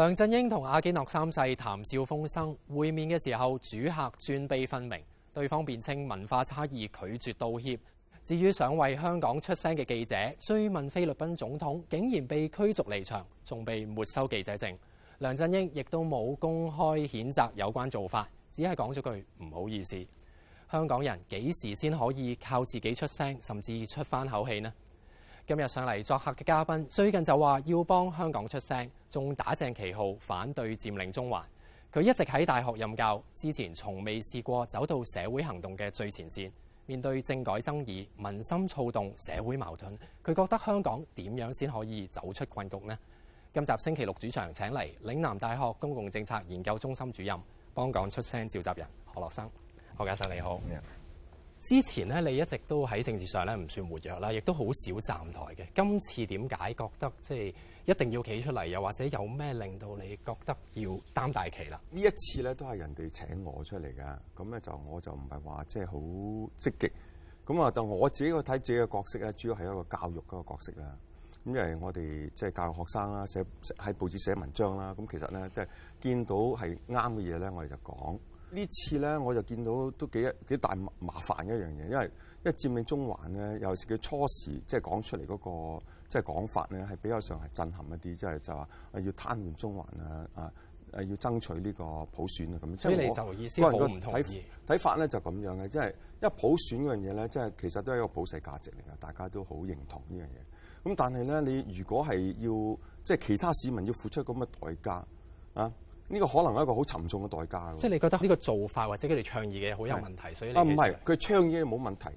梁振英同阿基諾三世談笑風生，會面嘅時候主客尊卑分明，對方辯稱文化差異，拒絕道歉。至於想為香港出聲嘅記者追問菲律賓總統，竟然被驅逐離場，仲被沒收記者證。梁振英亦都冇公開譴責有關做法，只係講咗句唔好意思。香港人幾時先可以靠自己出聲，甚至出返口氣呢？今日上嚟作客嘅嘉賓最近就話要幫香港出聲，仲打正旗號反對佔領中環，佢一直喺大學任教，之前從未試過走到社會行動嘅最前線，面對政改爭議，民心躁動，社會矛盾，佢覺得香港點樣先可以走出困局呢？今集星期六主場請嚟嶺南大學公共政策研究中心主任、幫港出聲召集人何濼生，何教授你好。Yeah. 之前咧，你一直都喺政治上咧唔算活躍啦，亦都好少站台嘅。今次點解覺得即係一定要企出嚟？又或者有咩令到你覺得要擔大旗啦？呢一次咧都係人哋請我出嚟噶，咁咧就我就唔係話即係好積極咁啊，但我自己去睇自己嘅角色咧，主要係一個教育嗰個角色啦。咁因為我哋即係教育學生啦，寫喺報紙寫文章啦。咁其實咧即係見到係啱嘅嘢咧，我哋就講。呢次咧，我就見到都幾一大麻煩嘅一樣嘢，因為因為佔領中環咧，尤其是佢初時即係講出嚟嗰、嗰個即係講法咧，係比較上係震撼一啲，即係就話要癱瘓中環啊啊，誒、啊、要爭取呢個普選啊咁。所以你就意思我唔同睇法咧就咁樣嘅，即係因為普選嗰樣嘢咧，即係其實都係一個普世價值嚟噶，大家都好認同呢樣嘢。咁但係咧，你如果係要即係其他市民要付出咁嘅代價啊？呢、這個可能係一個好沉重嘅代價喎。即係你覺得呢個做法或者佢哋倡議嘅好有問題，所以你啊唔係佢倡議冇問題，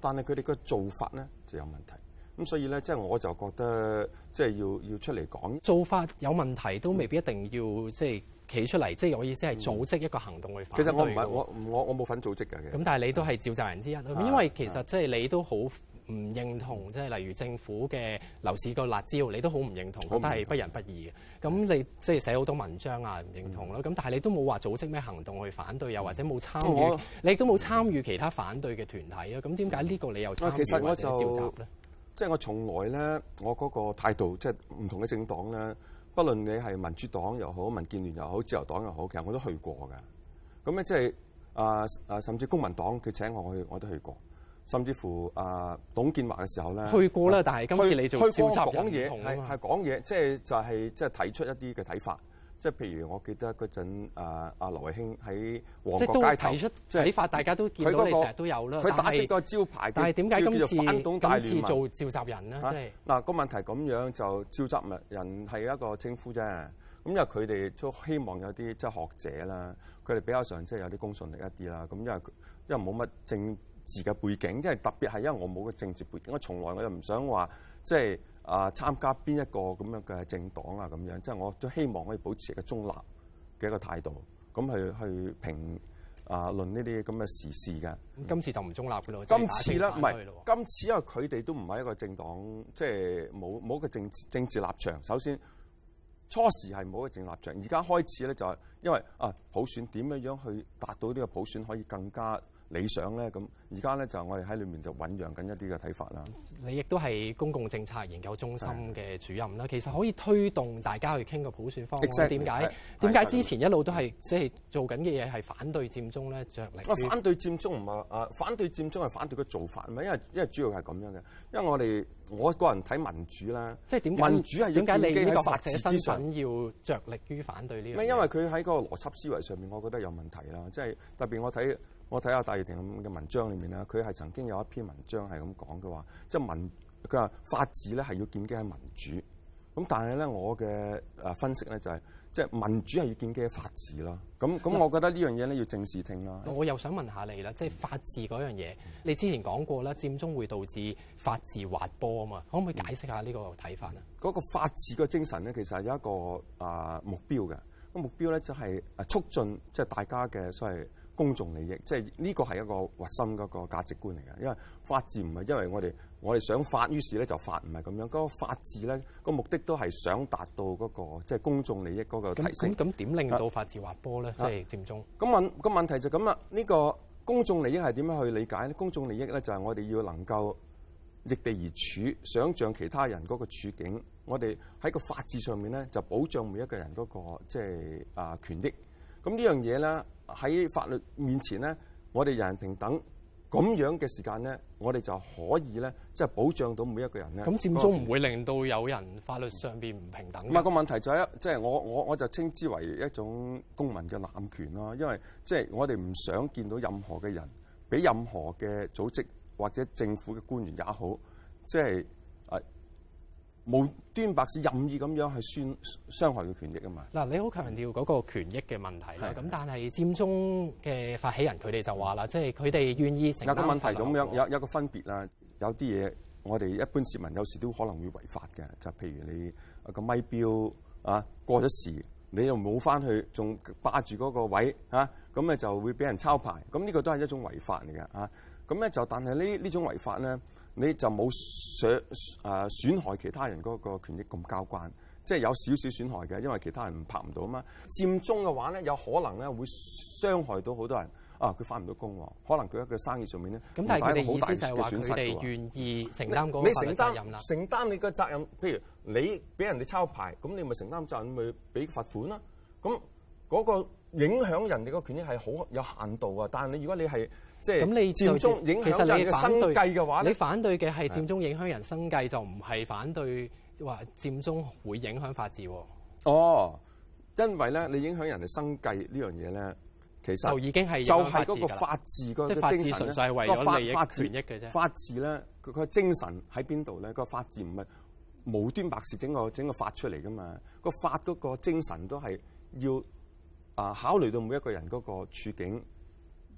但係佢哋個做法咧就有問題。咁所以咧，即係我就覺得即係、就是、要要出嚟講做法有問題都未必一定要即係企出嚟、嗯。即係我意思係組織一個行動去反對的、嗯、其實我唔係我我我冇份組織㗎嘅。咁但係你都係召集人之一，嗯、因為其實即係你都好，唔認同，即係例如政府嘅樓市個辣椒，你都好唔認，認同，覺得係不仁不義嘅。咁、嗯、你即係寫好多文章啊，唔認同咯。咁、嗯、但係你都冇話組織咩行動去反對，又或者冇參與，嗯、你都冇參與其他反對嘅團體啊。咁點解呢個理由、嗯？其實我就即係、就是、我從來咧，我嗰個態度即係唔同嘅政黨咧，不論你係民主黨又好、民建聯又好、自由黨又好，其實我都去過㗎。咁咧即係啊啊，甚至公民黨佢請我去，我都去過。甚至乎啊，董建華嘅時候咧，去過啦。但係今次你做召集人講嘢係係講嘢，即係、嗯、就係即係提出一啲嘅睇法，即、就、係、是、譬如我記得嗰陣啊，阿劉慧卿喺旺角街頭，即、就、係、是、提出睇法，大家都見到、就是那個、你成日都有啦。佢打住個招牌，但係點解今次叫做反董大聯盟，今次做召集人咧？嗱、啊就是啊那個問題咁樣，就召集人係一個稱呼啫。咁因為佢哋都希望有啲即係學者啦，佢哋比較上即係有啲公信力一啲啦。咁因為因為冇乜正字嘅背景，即係特別係因為我冇個政治背景，我從來我又唔想話，即係啊參加邊一個咁樣嘅政黨啊咁樣，即係我都希望可以保持一個中立嘅一個態度，咁去去評啊論呢啲咁嘅時事嘅。今次就唔中立嘅咯，今次咧唔係今次，因為佢哋都唔係一個政黨，即係冇冇個個政治政治立場，首先初時係冇個個政治立場，而家開始咧就係因為啊普選點樣樣去達到呢個普選可以更加。理想咧咁，而家咧就我哋喺裏面就醖釀緊一啲嘅睇法啦。你亦都係公共政策研究中心嘅主任啦，其實可以推動大家去傾個普選方案。點解點解之前一路都係即係做緊嘅嘢係反對佔中咧？着力。反對佔中唔係啊，反對佔中係反對個做法，因為因為主要係咁樣嘅。因為我哋我個人睇民主啦，即係點解點解你呢個法治精神要著力於反對呢？咩？因為佢喺嗰個邏輯思維上面，我覺得有問題啦。即係特別我睇。我睇下戴耀廷嘅文章裏面咧，佢係曾經有一篇文章係咁講嘅話，即係民，佢話法治咧係要建基喺民主。咁但係咧，我嘅分析咧就係，即係民主係要建基喺法治啦。咁咁，我覺得呢樣嘢咧要正視聽啦。我又想問下你啦，即係法治嗰樣嘢，你之前講過啦，佔中會導致法治滑坡啊嘛？可唔可以解釋下呢個睇法啊？嗰個法治嘅精神咧，其實係有一個啊目標嘅。個目標咧就係誒促進即係大家嘅所謂。公眾利益，即係呢個係一個核心嗰個價值觀嚟嘅。因為法治唔係因為我哋我哋想法，於是咧就法，唔係咁樣。嗰個法治咧個目的都係想達到嗰、嗰個即係、即係、公眾利益嗰個提升。咁咁點令到法治滑坡咧、啊？即係、啊、佔中咁問個問題就咁啊！呢、呢個公眾利益係點樣去理解咧？公眾利益咧就係我哋要能夠逆地而處，想像其他人嗰個處境。我哋喺個法治上面咧就保障每一個人嗰、嗰個即係、即係、啊權益。咁呢樣嘢咧。喺法律面前咧，我哋人人平等。咁樣嘅時間咧，我哋就可以咧，即係保障到每一個人咧。咁佔中唔會令到有人法律上邊唔平等。唔係個問題就係、是、一，即係我我我就稱之為一種公民嘅濫權咯。因為即係我哋唔想見到任何嘅人，俾任何嘅組織或者政府嘅官員也好，即係。無端白事任意咁樣去宣，傷害佢權益啊嘛！嗱，你好強調嗰個權益嘅問題啦，咁但係佔中嘅發起人佢哋就話啦，即係佢哋願意承擔。有個問題咁樣，有有個分別啦，有啲嘢我哋一般市民有時都可能會違法嘅，就係、譬如你個咪錶啊過咗時，你又冇翻去，仲霸住嗰個位啊，咁咧就會俾人抄牌，咁、呢、呢個都係一種違法嚟嘅啊。咁咧就，但係呢呢種違法咧，你就冇想誒損害其他人嗰個權益咁交關，即係有少少損害嘅，因為其他人拍唔到啊嘛。佔中嘅話咧，有可能咧會傷害到好多人啊！佢返唔到工喎，可能佢喺佢生意上面咧會帶嚟好大嘅損失㗎喎。咁但係你嘅意思就係話，你願意承擔嗰個責任啦？你承擔，承擔你嘅責任。譬如你俾人哋抄牌，咁你咪承擔責任，咪俾罰款啦。咁嗰個影響人哋個權益係好有限度啊。但係你如果你係即你佔中影響其實你人嘅生計嘅話，你反對嘅係佔中影響人生計，就唔係反對話佔中會影響法治喎、啊。哦，因為咧，你影響人哋生計呢樣嘢咧，其實就已經係就係、是、嗰個法治個精神咧。個法法權益嘅啫。法治咧，佢佢精神喺邊度咧？個法治唔係無端白事整個整個法出嚟噶嘛？個法嗰個精神都係要啊考慮到每一個人嗰個處境。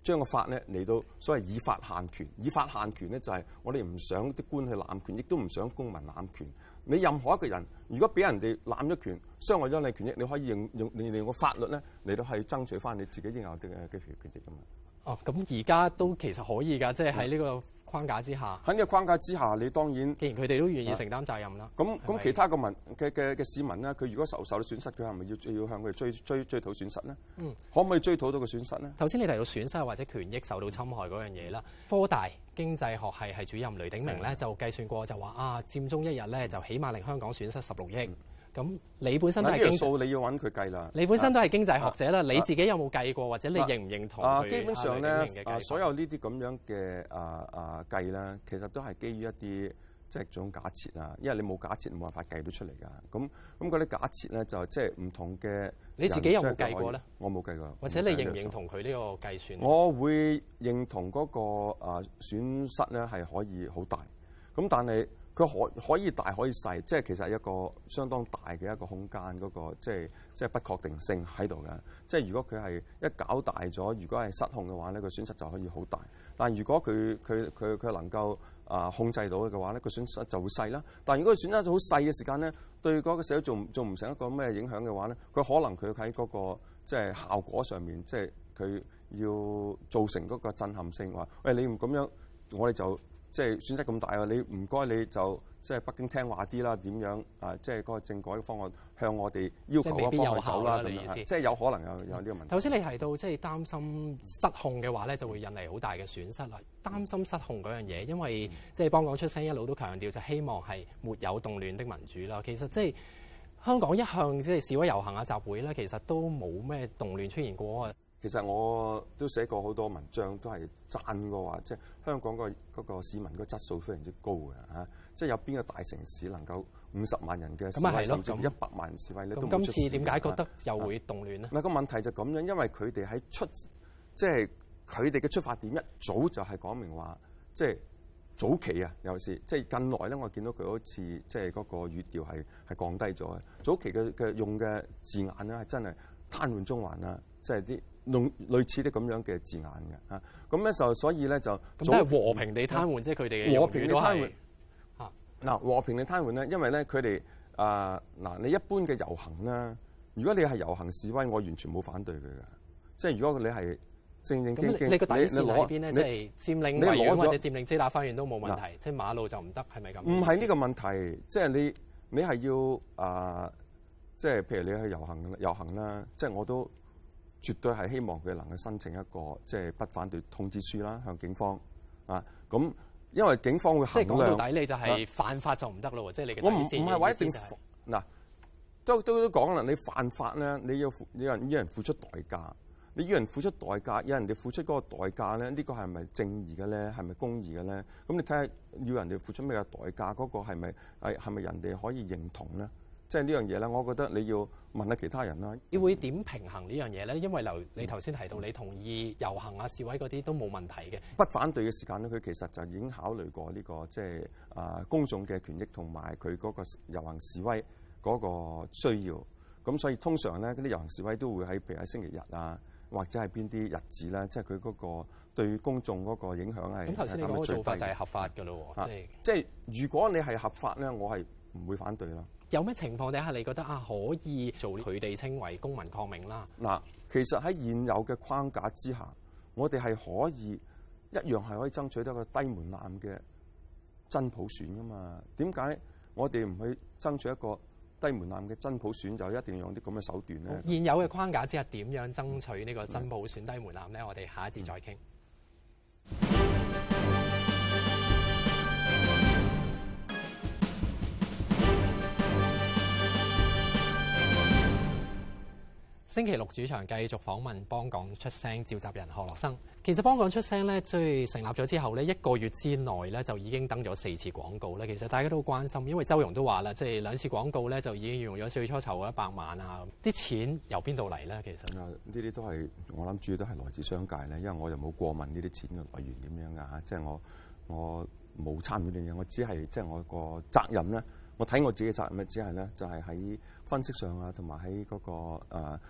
將個法咧嚟到所謂以法限權，以法限權咧就係我哋唔想啲官去濫權，亦都唔想公民濫權。你任何一個人，如果俾人哋濫咗權，傷害咗你權益，你可以用用你哋用個法律咧嚟到係爭取翻你自己應有啲嘅基權權益咁啊！哦，咁而家都其實可以噶，即係喺呢個，嗯框架之下，喺呢個框架之下，你當然。既然佢哋都願意承擔責任啦。咁咁，其他個民嘅嘅嘅市民咧，佢如果受受咗損失，佢係咪要要向佢哋追追追討損失咧？嗯，可唔可以追討到個損失咧？頭先你提到損失或者權益受到侵害嗰樣嘢啦，科大經濟學系係主任雷鼎鳴咧、嗯、就計算過就話啊，佔中一日咧就起碼令香港損失十六億。嗯咁你本身都係經濟數，你要揾佢計啦。你本身都係經濟學者啦、啊，你自己有冇計過，或者你認唔認同？啊，基本上咧、啊，所有呢啲咁樣嘅啊啊計啦，其實都係基於一啲即係種假設啊。因為你冇假設，冇辦法計到出嚟噶。咁咁嗰啲假設咧，就即係唔同嘅。你自己有冇計過咧？我冇計過。或者你認唔認同佢呢個計算？我會認同嗰個啊損失咧係可以好大，咁但係。佢可可以大可以細，即係其實一個相當大嘅一個空間嗰個，即係即係不確定性喺度嘅。即係如果佢係一搞大咗，如果係失控嘅話咧，個損失就可以好大。但如果佢佢佢佢能夠啊控制到嘅話咧，個損失就會細啦。但如果佢損失好細嘅時間咧，對嗰個社會做唔成一個咩影響嘅話咧，佢可能佢喺嗰個即係效果上面，即係佢要造成嗰個震撼性話，喂，你唔咁樣，我哋就。即係損失咁大啊！你唔該，你就即係北京聽話啲啦，點樣啊？即係嗰個政改方案向我哋要求嗰方面走啦，咁意思？即係有可能有有啲問題。頭先你提到即係擔心失控嘅話咧，就會引嚟好大嘅損失啦。擔心失控嗰樣嘢，因為即係幫港出聲一路都強調就希望係沒有動亂的民主啦。其實即係香港一向即係示威遊行啊集會咧，其實都冇咩動亂出現過。其實我都寫過好多文章，都係讚過話，即係香港個嗰個市民個質素非常之高嘅嚇、啊。即係有邊個大城市能夠五十萬人嘅示威，甚至一百萬人的示威，你都出事？今次點解覺得又會動亂呢？嗱、啊，個問題就咁樣，因為佢哋喺出，即係佢哋嘅出發點一早就係講明話，即係早期啊，有時即係近來咧，我見到佢好似即係嗰個語調係降低咗嘅。早期嘅嘅用嘅字眼咧，係真係癱瘓中環啦，即係啲。類類似啲咁樣嘅字眼嘅嚇，咁咧就所以咧就，咁都係和平地癱瘓，即係佢哋嘅和平地癱瘓嚇。嗱，和平地癱瘓咧，因為咧佢哋啊嗱，你一般嘅遊行啦，如果你係遊行示威，我完全冇反對佢嘅。即係如果你係正正經經，你個底線喺邊咧，即係佔領，你攞住你佔領車打返完都冇問題，即係馬路就唔得，係咪咁？唔係呢個問題，即係你，你係要，啊，即係譬如你去遊行，遊行啦，即係我都絕對係希望佢能夠申請一個即係、就是、不反對通知書啦，向警方啊，咁因為警方會衡量。即係講到底，你就係犯法就唔得咯。即係你嘅意思，我唔唔係話一定嗱，都都都講啦，你犯法咧，你要你要人要人付出代價，你要人付出代價，要人哋付出嗰個代價咧，呢個係咪正義嘅咧？係咪公義嘅咧？咁你睇下要人哋付出咩嘅代價，嗰、那個係咪係係咪人哋可以認同咧？即係呢樣嘢咧，我覺得你要問下其他人啦。你會點平衡呢樣嘢咧？因為由你頭先提到，你同意遊行啊、示威嗰啲都冇問題嘅。不反對嘅時間咧，佢其實就已經考慮過呢個即係啊公眾嘅權益同埋佢嗰個遊行示威嗰個需要。咁所以通常咧，嗰啲遊行示威都會喺譬如喺星期日啊，或者係邊啲日子咧，即係佢嗰個對公眾嗰個影響係咁。頭先嗰個做法就係合法㗎咯喎，即係即係如果你係合法咧，我係。唔會反對啦。有咩情況底下你覺得啊可以做佢哋稱為公民抗命啦？嗱，其實喺現有嘅框架之下，我哋係可以一樣係可以爭取到一個低門檻嘅真普選噶嘛？點解我哋唔去爭取一個低門檻嘅真普選就一定要用啲咁嘅手段咧？現有嘅框架之下點樣爭取呢個真普選低門檻咧？我哋下一節再傾。星期六主場繼續訪問幫港出聲召集人何濼生。其實幫港出聲咧，最成立咗之後咧，一個月之內咧就已經登咗四次廣告咧。其實大家都好關心，因為周融都話啦，即係兩次廣告咧就已經用咗最初籌嘅一百萬啊。啲錢由邊度嚟咧？其實呢啲都係我諗主要都係來自商界咧，因為我又冇過問呢啲錢嘅來源點樣㗎嚇。即係我我冇參與呢啲嘢，我只係即係我個責任咧。我睇我自己嘅責任咧，只係咧就係喺分析上啊，同埋喺嗰個、呃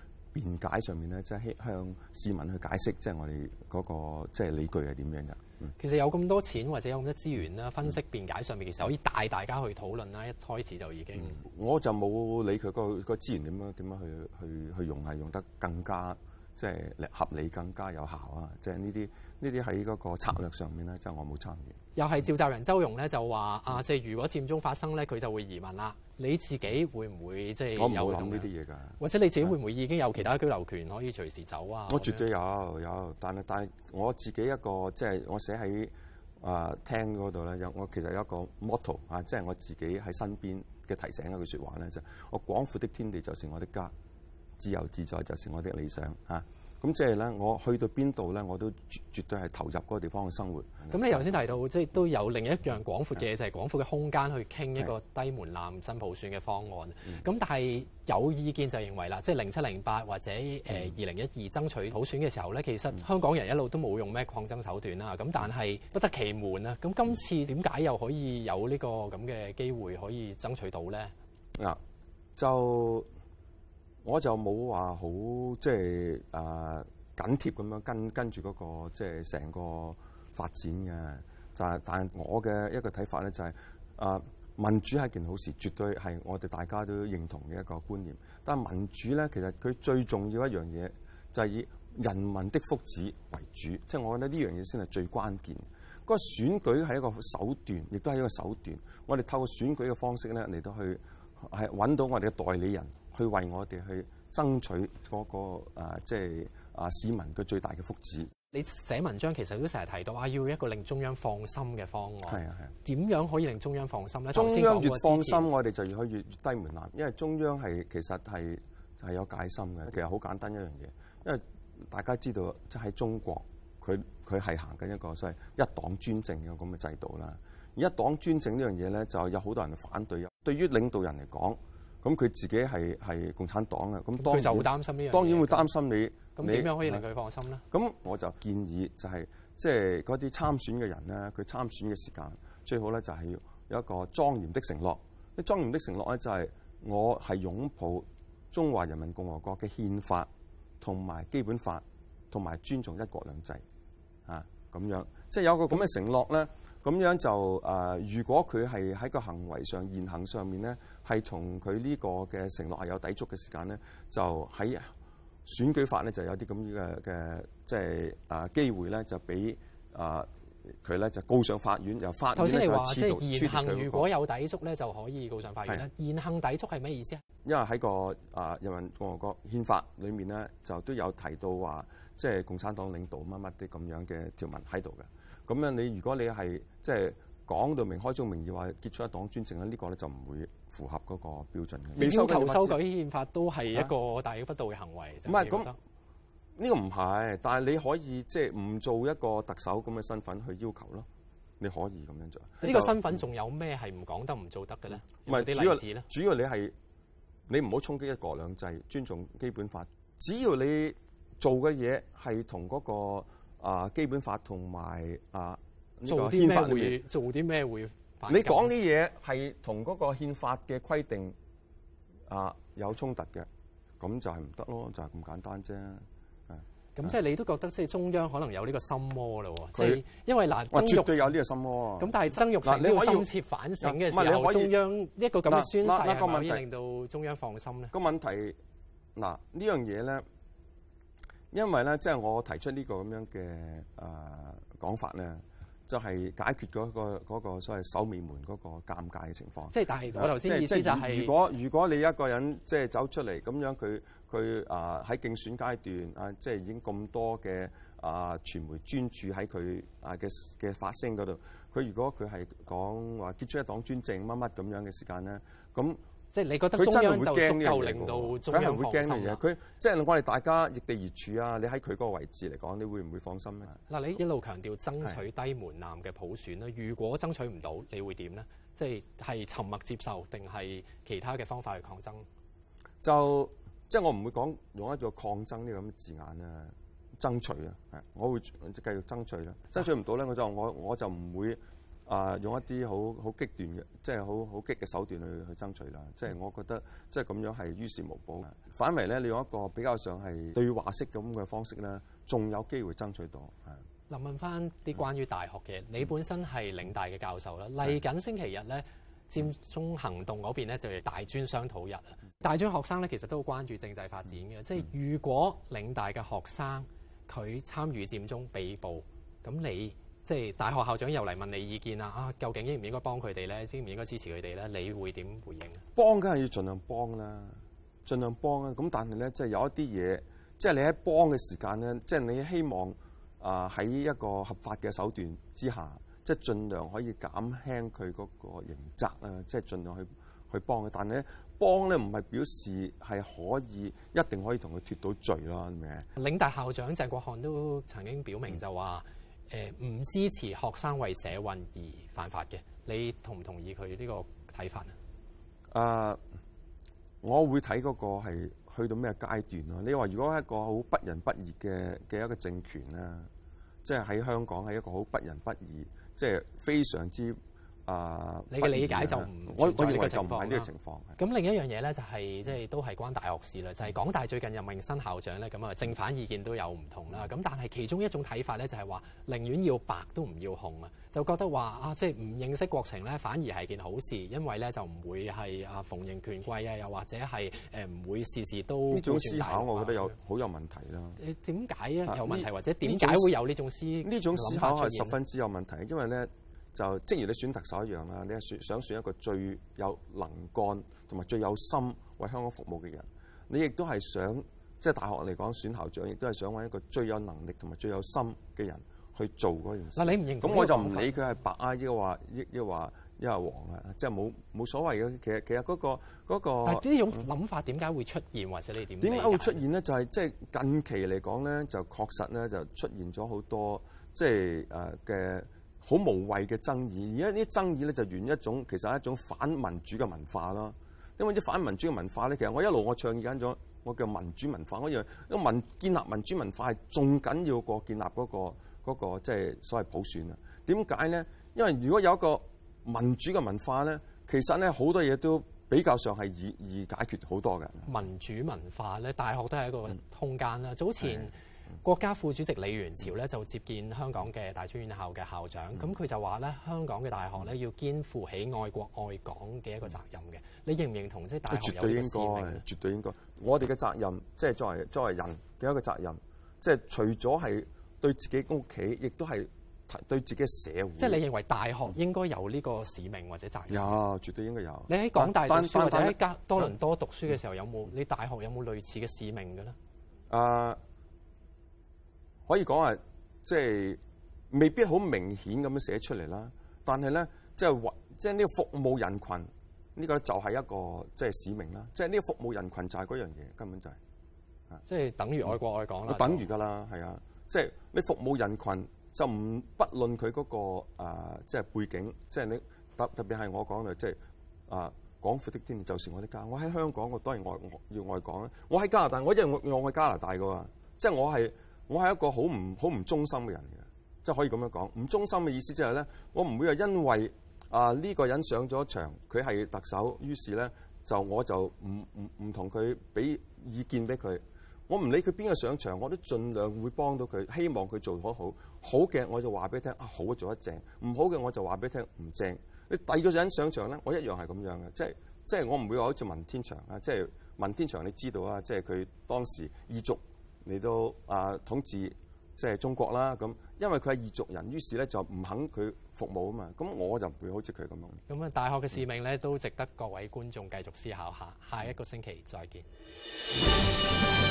辯解上面咧，即係向市民去解釋，即係我哋嗰個即係理據係點樣嘅、嗯。其實有咁多錢或者有咁多資源咧，分析辯解上面嘅時候，可以帶大家去討論啦。一開始就已經、嗯，我就冇理佢個、嗰個資源點樣點樣去去去用，係用得更加。即、就、係、是、合理更加有效啊！即係呢啲呢啲喺嗰個策略上面咧，即、就、係、是、我冇參與。又係召集人周融咧就話、嗯、啊，即、就、係、是、如果佔中發生咧，佢就會移民啦。你自己會唔會即係、就是、有諗呢啲嘢㗎？或者你自己會唔會已經有其他居留權、嗯、可以隨時走啊？我絕對有有，但係但係我自己一個即係、就是、我寫喺啊廳嗰度咧，有、呃、我其實有一個 motto 啊，即、就、係、是、我自己喺身邊嘅提醒一句説話咧，就是、我廣闊的天地就是我的家。自由自在就是我的理想嚇。咁即係咧，我去到邊度咧，我都絕絕對係投入嗰個地方嘅生活。咁你頭先提到，即係都有另一樣廣闊嘅就係廣闊嘅空間去傾一個低門檻新普選嘅方案。咁、嗯、但係有意見就認為啦，即係零七零八或者誒二零一二爭取普選嘅時候咧，嗯、其實香港人一路都冇用咩抗爭手段啦。咁但係不得其門啊。咁今次點解又可以有呢個咁嘅機會可以爭取到咧？啊，就。我就冇話好即係啊緊貼咁樣跟跟住嗰個即係成個發展嘅，就係，但係我嘅一個睇法咧，就係啊民主係件好事，絕對係我哋大家都認同嘅一個觀念。但係民主咧，其實佢最重要一樣嘢就係以人民的福祉為主，即係我覺得呢樣嘢先係最關鍵。嗰個選舉係一個手段，亦都係一個手段。我哋透過選舉嘅方式咧嚟到去。係揾到我哋嘅代理人去為我哋去爭取嗰、嗰個誒、啊，即係啊市民嘅最大嘅福祉。你寫文章其實都成日提到啊，要一個令中央放心嘅方案。係啊係啊。點樣可以令中央放心咧？中央越放心，的放心我哋就越可以越低門檻，因為中央係其實係係有戒心嘅。其實好簡單一樣嘢，因為大家知道即喺、就是、中國佢佢係行緊一個所謂一黨專政嘅咁嘅制度啦。一黨專政呢樣嘢咧，就有好多人反對。對於領導人嚟講，咁佢自己係係共產黨嘅，咁當然當然會擔心你。咁點樣可以令佢放心咧？咁我就建議就係、是，即係嗰啲參選嘅人咧，佢參選嘅時間最好咧就係要有一個莊嚴的承諾。啲莊嚴的承諾咧就係、是、我係擁抱中華人民共和國嘅憲法同埋基本法，同埋尊重一國兩制啊咁樣。即、就、係、是、有個咁嘅承諾咧。咁樣就誒、呃，如果佢係喺個行為上言行上面咧，係從佢呢個嘅承諾係有抵觸嘅時間咧，就喺選舉法咧就有啲咁嘅嘅即係啊機會咧，就俾啊佢咧就告上法院，由法院頭先你話即係言行如果有抵觸咧，就可以告上法院咧。言行抵觸係咩意思啊？因為喺個啊、呃、人民共和國憲法裡面咧，就都有提到話，即係共產黨領導乜乜啲咁樣嘅條文喺度嘅。咁樣你如果你係即係講到明開宗明義話結束一黨專政咧，呢個咧就唔會符合嗰個標準嘅。未收求求修改憲法都係一個大逆不道嘅行為。唔係咁，呢個唔係，但係你可以即係唔做一個特首咁嘅身份去要求咯。你可以咁樣做。呢個身份仲有咩係唔講得唔做得嘅咧？唔係主要，主要你係你唔好衝擊一國兩制，尊重基本法。只要你做嘅嘢係同嗰個。啊，基本法同埋啊，呢個憲法裏面做啲咩會，做會反你講啲嘢係同嗰個憲法嘅規定啊有衝突嘅，咁就係唔得咯，就係、是、咁簡單啫。咁即係你都覺得即係中央可能有呢個心魔即佢、就是、因為嗱，我、啊啊、絕對有呢個心魔。咁但係曾玉成要深切反省嘅時候、啊、你可以中央一個咁嘅宣誓一、啊、可以令到中央放心咧。那個問題嗱、那個啊、呢樣嘢咧。因為咧，即係我提出呢個咁樣嘅啊講法咧，就係解決嗰個嗰個所謂守尾門嗰個尷尬嘅情況。即係，但係我頭先意思就係，如果如果你一個人即係走出嚟咁樣，佢佢啊喺競選階段啊，即係已經咁多嘅啊傳媒專注喺佢啊嘅嘅發聲嗰度，佢如果佢係講話結束一黨專政乜乜咁樣嘅時間咧，咁。即係你覺得中央佢真係會驚就仲又令到中央放心，佢係唔會驚嘅，佢即係我哋大家易地而處啊！你喺佢嗰個位置嚟講，你會唔會放心咧？嗱，你一路強調爭取低門檻嘅普選咧。如果爭取唔到，你會點咧？即係係沉默接受定係其他嘅方法去抗爭？就即係我唔會講用一個抗爭呢個字眼啊，爭取啊，係，我會繼續爭取啦。爭取唔到咧，我就我我就唔會。啊！用一啲好好極端嘅，即係好好激嘅手段去去爭取啦。即係我覺得，即係咁樣係於事無補。反為咧，你用一個比較上係對話式咁嘅方式咧，仲有機會爭取到。嗱，問翻啲關於大學嘅、嗯，你本身係領大嘅教授啦。嚟、嗯、緊星期日咧、嗯，佔中行動嗰邊咧就係大專商討日。嗯、大專學生咧其實都好關注政制發展嘅、嗯。即係如果領大嘅學生佢參與佔中被捕，咁你？即係大學校長又嚟問你意見啦！啊，究竟應唔應該幫佢哋咧？應唔應該支持佢哋咧？你會點回應？幫梗係要盡量幫啦，盡量幫啊。咁但係咧，即係有一啲嘢，即係你喺幫嘅時間咧，即係你希望啊喺、呃、一個合法嘅手段之下，即係盡量可以減輕佢嗰個刑責啊，即係盡量去去幫佢。但係咧，幫咧唔係表示係可以一定可以同佢脫到罪咯咁嘅。嶺大校長鄭國漢都曾經表明就話，嗯誒唔支持學生為社運而犯法嘅，你同唔同意佢呢個睇法啊？誒，uh，我會睇嗰個係去到咩階段咯？你話如果係一個好不仁不義嘅嘅一個政權啦，即係喺香港係一個好不仁不義，即係非常之。啊！你嘅理解就唔，我我理解就唔係呢個情況。咁、啊、另一樣嘢咧，就係即係都係關大學事啦。就係、是、港大最近任命新校長咧，咁啊正反意見都有唔同啦。咁但係其中一種睇法咧、就是，就係話寧願要白都唔要紅啊，就覺得話啊，即係唔認識國情咧，反而係件好事，因為咧就唔會係啊逢迎權貴啊，又或者係誒唔會事事都呢種思考，我覺得有好、啊、有問題啦。誒點解啊？有問題或者點解會有呢種思呢種思考係十分之有問題，因為咧。就即如你選特首一樣啦，你係選想選一個最有能幹同埋最有心為香港服務嘅人，你亦都係想即係大學嚟講選校長，亦都係想揾一個最有能力同埋最有心嘅人去做嗰件事。嗱，你唔認，咁我就唔理佢係白啊，亦話亦亦話亦係黃啊，即係冇冇所謂嘅。其實其實嗰個、嗰個、但係呢種諗法點解會出現，嗯、或者你點？點解會出現咧？就係即係近期嚟講咧，就確實咧就出現咗好多即係誒嘅。呃的好無謂嘅爭議，而家啲爭議咧就源於一種其實係一種反民主嘅文化咯。因為啲反民主嘅文化咧，其實我一路我倡議緊咗我叫民主文化嗰樣，個民建立民主文化係仲緊要過建立嗰、嗰個嗰、嗰個即係所謂普選啊。點解咧？因為如果有一個民主嘅文化咧，其實咧好多嘢都比較上係易易解決好多嘅。民主文化咧，大學都係一個空間啦、嗯。早前，國家副主席李源潮咧就接見香港嘅大專院校嘅校長，咁佢就話咧：香港嘅大學咧要肩負起愛國愛港嘅一個責任嘅，你認唔認同？即係大學有呢個使命。絕對應該，絕對應該我哋嘅責任即係作為作為人嘅一個責任，即係除咗係對自己屋企，亦都係對自己嘅社會。即係你認為大學應該有呢個使命或者責任？有，絕對應該有。你喺港大或者喺加多倫多讀書嘅時候有冇，有冇你大學有冇類似嘅使命嘅咧？啊、呃！可以講啊，即係未必好明顯咁樣寫出嚟啦。但係咧，即係或即係呢個服務人群，呢個就係、是、一個即係、就是、使命啦。即係呢個服務人群就係嗰樣嘢，根本就係、是、即係等於愛國愛港啦。等於噶啦，係啊，即係、就是、你服務人群，就唔不論佢嗰個啊，即係背景，即、就、係、是、你特特別係我講嘅，即係啊廣闊的天地就是我的家。我喺香港，我當然要愛要愛港啦。我喺加拿大，我一樣要愛加拿大噶喎。即、就、係、是、我係。我係一個好唔好唔忠心嘅人嘅，即係可以咁樣講。唔忠心嘅意思即係咧，我唔會話因為啊呢個人上咗場，佢係特首，於是咧就我就唔唔唔同佢俾意見俾佢。我唔理佢邊個上場，我都盡量會幫到佢，希望佢做得好。好嘅我就話俾你聽，好做得正；唔好嘅我就話俾你聽唔正。你第二個人上場咧，我一樣係咁樣嘅，即係即係我唔會話好似文天祥啊，即係文天祥你知道啊，即係佢當時異族。嚟到啊統治即係中國啦，咁因為佢係異族人，於是呢就唔肯佢服務啊嘛，咁我就唔會好似佢咁樣。咁啊，大學嘅使命呢都值得各位觀眾繼續思考下，下一個星期再見。